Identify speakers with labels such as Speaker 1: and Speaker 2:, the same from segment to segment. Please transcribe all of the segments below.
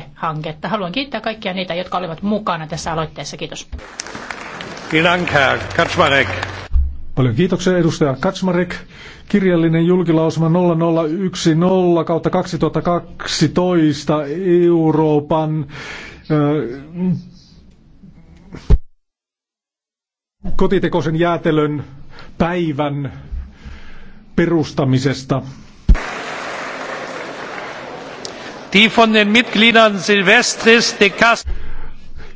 Speaker 1: tuette hanketta. Haluan kiittää kaikkia niitä, jotka olivat mukana tässä aloitteessa. Kiitos.
Speaker 2: Paljon kiitoksia edustaja Kaczmarek. Kirjallinen julkilausuma 0010 kautta 2012 Euroopan kotitekoisen jäätelön päivän perustamisesta. die von den Mitgliedern Silvestris de Castro.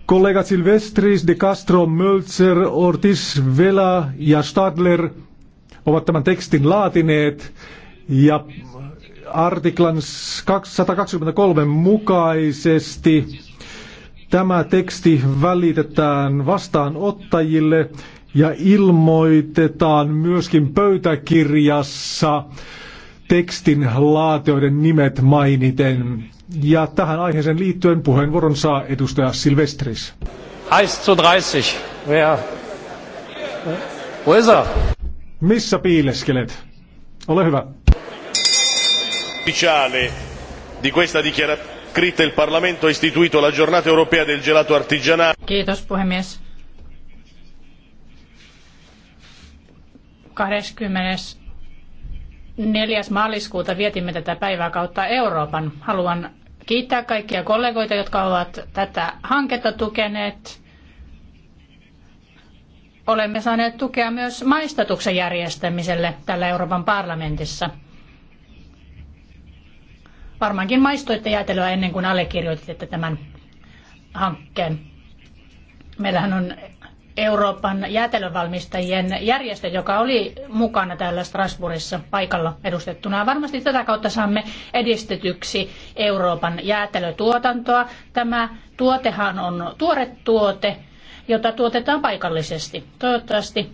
Speaker 2: Kollegat Silvestris, De Castro, Mölzer, Ortiz, Vela ja Stadler ovat tämän tekstin laatineet ja artiklan 123 mukaisesti tämä teksti välitetään vastaanottajille ja ilmoitetaan myöskin pöytäkirjassa tekstin laatioiden nimet mainiten. Ja tähän aiheeseen liittyen puheenvuoron saa edustaja Silvestris. 1.30. Wer? Wo ist er? Missä piileskelet? Ole hyvä. Ufficiale di questa dichiarazione il Parlamento ha istituito la giornata europea del gelato artigianale.
Speaker 1: Kiitos puhemies. 20. 4. maaliskuuta vietimme tätä päivää kautta Euroopan. Haluan kiittää kaikkia kollegoita, jotka ovat tätä hanketta tukeneet. Olemme saaneet tukea myös maistatuksen järjestämiselle tällä Euroopan parlamentissa. Varmaankin maistoitte jäätelöä ennen kuin allekirjoititte tämän hankkeen. Meillähän on Euroopan jäätelövalmistajien järjestö, joka oli mukana täällä Strasbourgissa paikalla edustettuna. Varmasti tätä kautta saamme edistetyksi Euroopan jäätelötuotantoa. Tämä tuotehan on tuore tuote, jota tuotetaan paikallisesti. Toivottavasti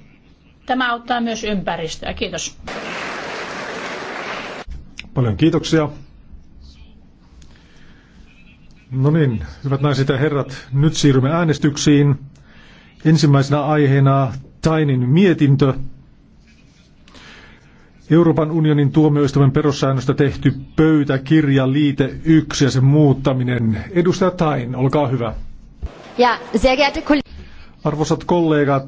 Speaker 1: tämä auttaa myös ympäristöä. Kiitos.
Speaker 2: Paljon kiitoksia. No niin, hyvät naiset ja herrat, nyt siirrymme äänestyksiin. Ensimmäisenä aiheena Tainin mietintö. Euroopan unionin tuomioistuimen perussäännöstä tehty pöytäkirja liite 1 ja sen muuttaminen. Edustaja Tain, olkaa hyvä.
Speaker 1: Ja, sehr geehrte
Speaker 2: Arvoisat kollegat,